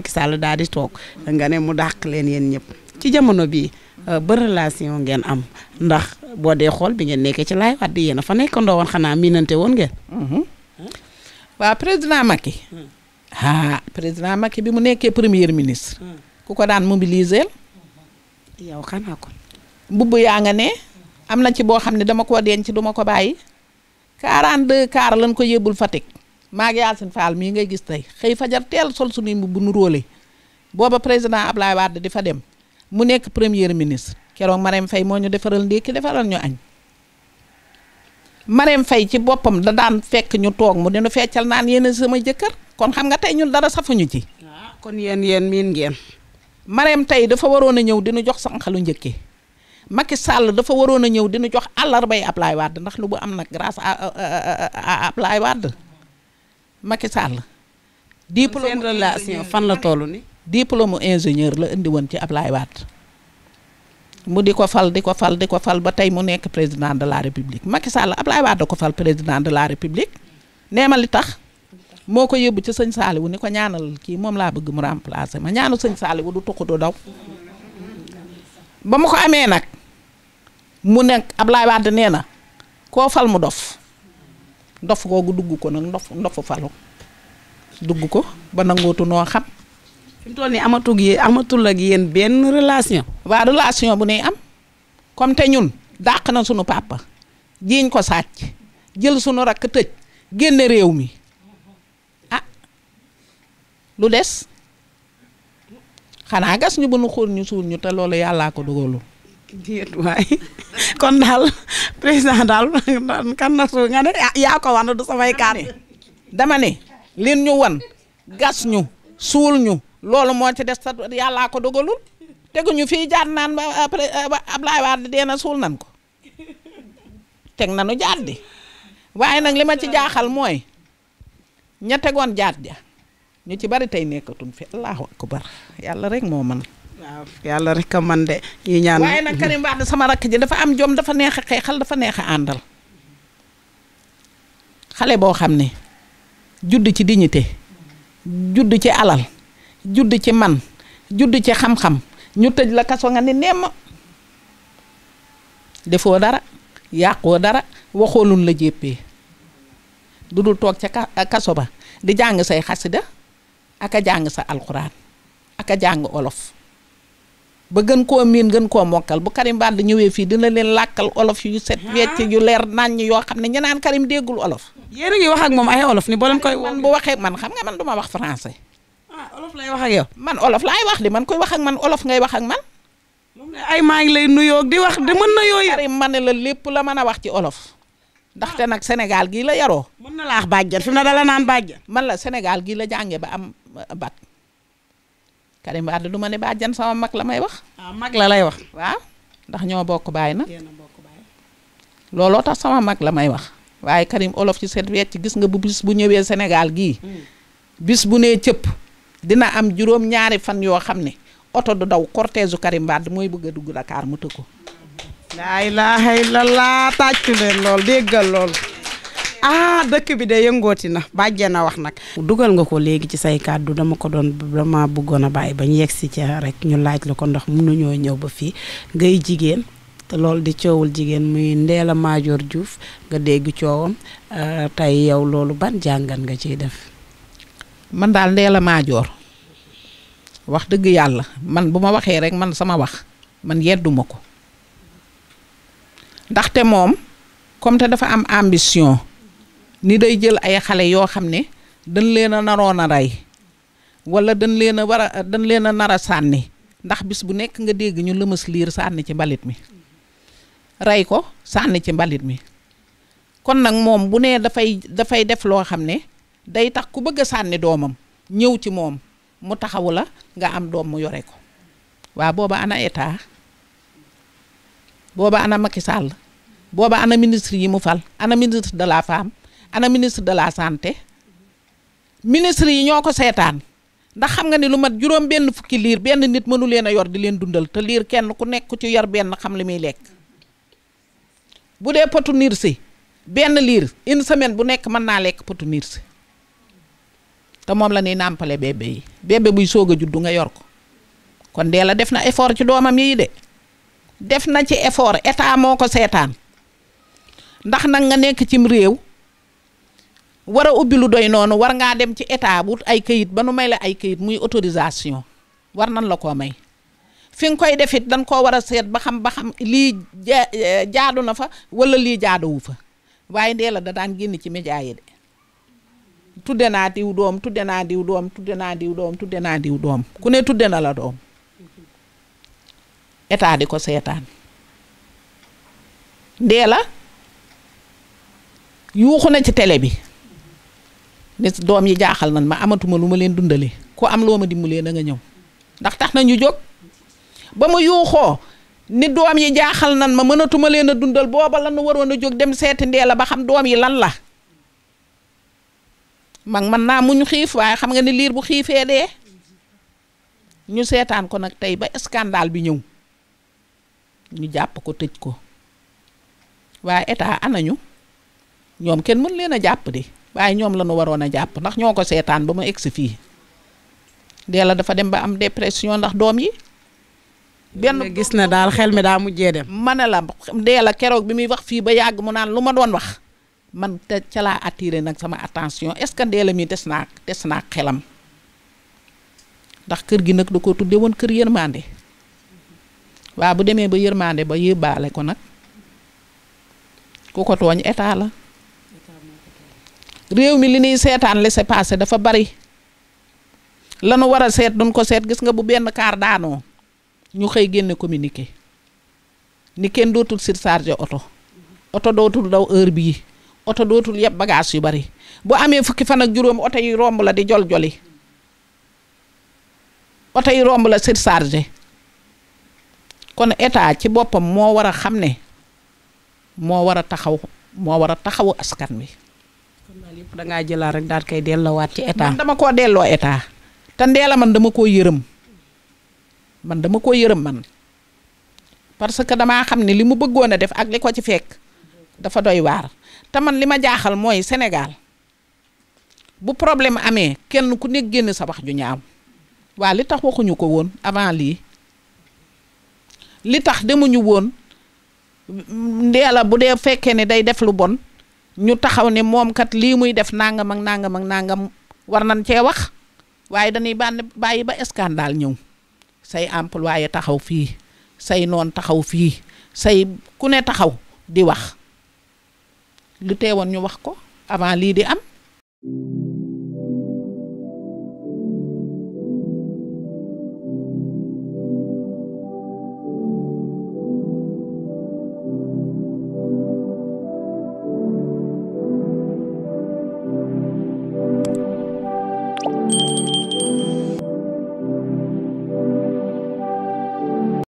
Macky Sall daal di toog nga ne mu dàq leen yéen ñëpp ci jamono bii euh, ba relation ngeen am ndax boo dee xool bi ngeen nekkee ci laay waat di yéen a fa nekkandoo woon xanaa miinante woon ngeen. Mhm. waaw président Macky. ah président Macky bi mu nekkee premier ministre. ku ko daan mobiliser. yow xanaa kon. mbubb yaa nga ne. am na ci boo xam ne dama ko denc duma ko bàyyi. 42 car lañ ko yóbbul Fatick. maa ngi Yacine mii ngay gis tey xëy fajar teel sol suñuy mbubb bu nu róole booba président Ablaye Wade di fa dem mu nekk premier ministre keroog Marème Faye moo ñu defaral ndékki defaral ñu añ Marème Faye ci boppam da daan fekk ñu toog mu dina feccal naan yéen sama jëkkër kon xam nga tey ñun dara safuñu ci. Ah, kon yéen yéen miin ngeen. Marème tey dafa waroon a ñëw dina jox sànqalu njëkkee Macky Sall dafa waroon a ñëw dina jox àllarbay Ablaye Wade ndax lu bu am na grâce à Ablaye Wade. Macky Sall diplôme relation fan la toll ni diplôme ingénieur la indi woon ci ablaay waat mu di ko fal di ko fal di ko fal ba tey mu nekk président de la république Macky Sall Ablaye Wade da ko fal président de la république nee ma li tax moo ko yóbbu ci sëñ Saliou ni ko ñaanal kii moom laa bëgg mu remplacer ma ñaanu sëñ Saliou du tuq du daw ba mu ko amee nag mu nekk Ablaye Wade nee na koo fal mu dof ndof googu dugg ko nag ndof ndofu falu dugg ko ba nangootu noo xam fi mu toll nii amatul yi amatul ak yéen benn relation. waa relation bu nuy am comme te ñun dàq na sunu papa jiiñ ko sàcc jël sunu rakk tëj génne réew mi ah lu des xanaa gas ñu bu nu xóol ñu suul ñu te loolu yàllaa ko dugalu déet waay kon daal président daal kan na su nga ne ah, yaa ko wan du samay kaane dama ne leen ñu wan gas ñu suul ñu loolu moo ci des ta yàllaa ko dogalul teguñu fii jaar naan ah, ah, ba Ablaye Wade dee na suul nan ko teg nanu jaat di waaye nag li ma ci jaaxal mooy ña tegoon jaat ja ñu ci bari tey nekkatuñ fi allahu akbar yàlla rek moo mën waaw yàlla rek a man de ñuy ñaan sama rakk ji dafa am jom dafa neex a xeexal dafa neex a àndal xale boo xam ne judd ci dignité judd ci alal judd ci man judd ci xam-xam ñu tëj la kaso nga ni nemm defoo dara yàqoo dara waxoolun la jéppee du dul toog ca kaso ba di jàng say xasida aka jàng sa alxuraan aka jàng olof ba gën koo miin gën koo mokkal bu Karim da ñëwee fii dina leen làkkal olof yu set ah. wecc yu leer naan yoo xam ne ñu naan Karim déggul olof yéen a ngi wax ak moom ay olof ni boo leen koy man bu waxee man xam man du ma wax français ah olof lay wax ak yow man olof laay wax di man koy wax ak man olof ngay wax ak man ay maa ngi lay nuyoo di wax de mën na yooyu Karim ma ne la lépp la mën a wax ci olof ndaxte nag Sénégal gii la yaroo mën na laax bàjjan fi mu ne dala naan bàjj man la Sénégal gii la jànge ba am bat Karim Wade du ma ne bàjjan sama mag la may wax. ah mag la lay wax. waaw ndax ñoo bokk baay na. looloo tax sama mag la may wax. waaye Karim olof ci set wecc gis nga bu bis bu ñëwee senegaal gii. Hmm. bis bu nee cëpp. dina am juróom ñaari fan yoo xam ne oto du daw cortège Karim Wade mooy bëgg a dugg Dakar mu tëkku. laa ilaaha illallah tàccu leen lool déggal lool. ah dëkk bi de yëngooti na bàjjee na wax nag. dugal nga ko léegi ci say kàddu dama ko doon dama bëggoon a bàyyi ba ñu yegg si ca rek ñu laaj la ko ndox ndax mënuñoo ñëw ba fii ngay jigéen te loolu di coowul jigéen muy Ndella Madior Diouf nga dégg coowam euh, tey yow loolu ban jàngan nga ciy def. man daal Ndella Madior wax dëgg yàlla man bu ma waxee rek man sama wax man yedduma ko ndaxte moom comme te dafa am ambition. ni day jël ay xale yoo xam ne dañ leen a naroon a rey wala dañ leen a war a dañ leen a nar a sànni ndax bis bu nekk nga dégg ñu lëmas liir sa sànni ci mbalit mi rey ko sànni ci mbalit mi kon nag moom bu nee dafay dafay def loo xam ne day tax ku bëgg a sànni doomam ñëw ci moom mu taxawu la nga am doom mu yore ko waa booba ana état booba ana Macky Sall booba ana ministre yi mu fal ana ministre de la femme ana ministre de la santé ministre yi ñoo ko seetaan ndax xam nga ni lu mat juróom benn fukki liir benn nit mënu leen a yor di leen dundal te liir kenn ku nekk ci yor benn xam li muy lekk bu dee potu niir si benn liir une semaine bu nekk mën naa lekk potu niir si te moom la ñuy nàmpale bébé yi bébé buy soog a juddu nga yor ko kon dee la def na effort ci doomam yi de def na ci efoor état moo ko seetaan ndax nag nga nekk cim réew war a ubbi lu doy noonu war ngaa dem ci état wut ay kayit ba nu may la ay kayit muy autorisation war nan la koo may fi nga koy defit dañ koo war a seet ba xam ba xam lii eh, jaadu na fa wala lii jaaduwu fa waaye ndee la da daan génn ci média yi de tudde naa diw doom tudde naa diw doom tudde naa diw doom tudde naa diw doom ku ne tudde na la doom état di ko seetaan ndee la yuuxu na ci tele bi ne doom yi jaaxal nan ma amatuma lu ma leen dundale ku am loo ma dimbalee na nga ñëw ndax tax nañu ñu jóg ba ma yuuxoo ni doom yi jaaxal nan ma mënatuma leen a dundal booba lan waroon a jóg dem seeti ndee la ba xam doom yi lan la mag mën naa muñ xiif waaye xam nga ni liir bu xiifee dee ñu seetaan ko nag tey ba scandale bi ñëw ñu jàpp ko tëj ko waaye état anañu ñoom kenn mën leen a jàpp de waaye ñoom la ñu waroon a jàpp ndax ñoo ko seetaan ba ma egsi fii Ndella dafa dem ba am dépression ndax doom yi. benn gis na daal xel mi daa mujjee dem. ma ne la Ndella keroog bi muy wax fii ba yàgg mu naan lu ma doon wax man te ca laa nag sama attention est-ce que Ndella mi des naa des naa xelam ndax kër gi nag du ko tudde woon kër yërmande waa bu demee ba yërmande ba yóbbaale ko nag ku ko tooñ état la. réew mi li ñuy seetaan laissez-passer dafa bari lanu war a seet duñ ko seet gis nga bu benn kaar daanoo ñu xëy génne communiqué ni kenn dootul surcharger oto oto dootul daw heure bii oto dootul yëpp bagage yu bari bu amee fukki fan ak juróom oto yi romb la di jol-joli oto yi romb la surcharger kon état ci boppam moo war a xam ne moo war a taxaw moo war a taxawu askan bi lépp da ngaa jëlaat rek daal koy delloowaat ci état. man dama koo delloo état te ndeela man dama koo yërëm man dama koo yërëm man parce que damaa xam ne li mu bëggoon a def ak li ko ci fekk dafa doy waar te man li ma jaaxal mooy senegal bu problème amee kenn ku nekk génne sa wax ju ñaaw waa li tax waxuñu ko woon avant lii li tax demuñu woon ndeela bu dee fekkee ne day def lu bon. ñu taxaw ne moom kat lii muy def nangam ak nàngam ak nangam war nañ cee wax waaye dañuy bànn bàyyi ba scandale ñëw say emple waaye taxaw fii say noon taxaw fii say ku ne taxaw di wax lu teewoon ñu wax ko avant lii di am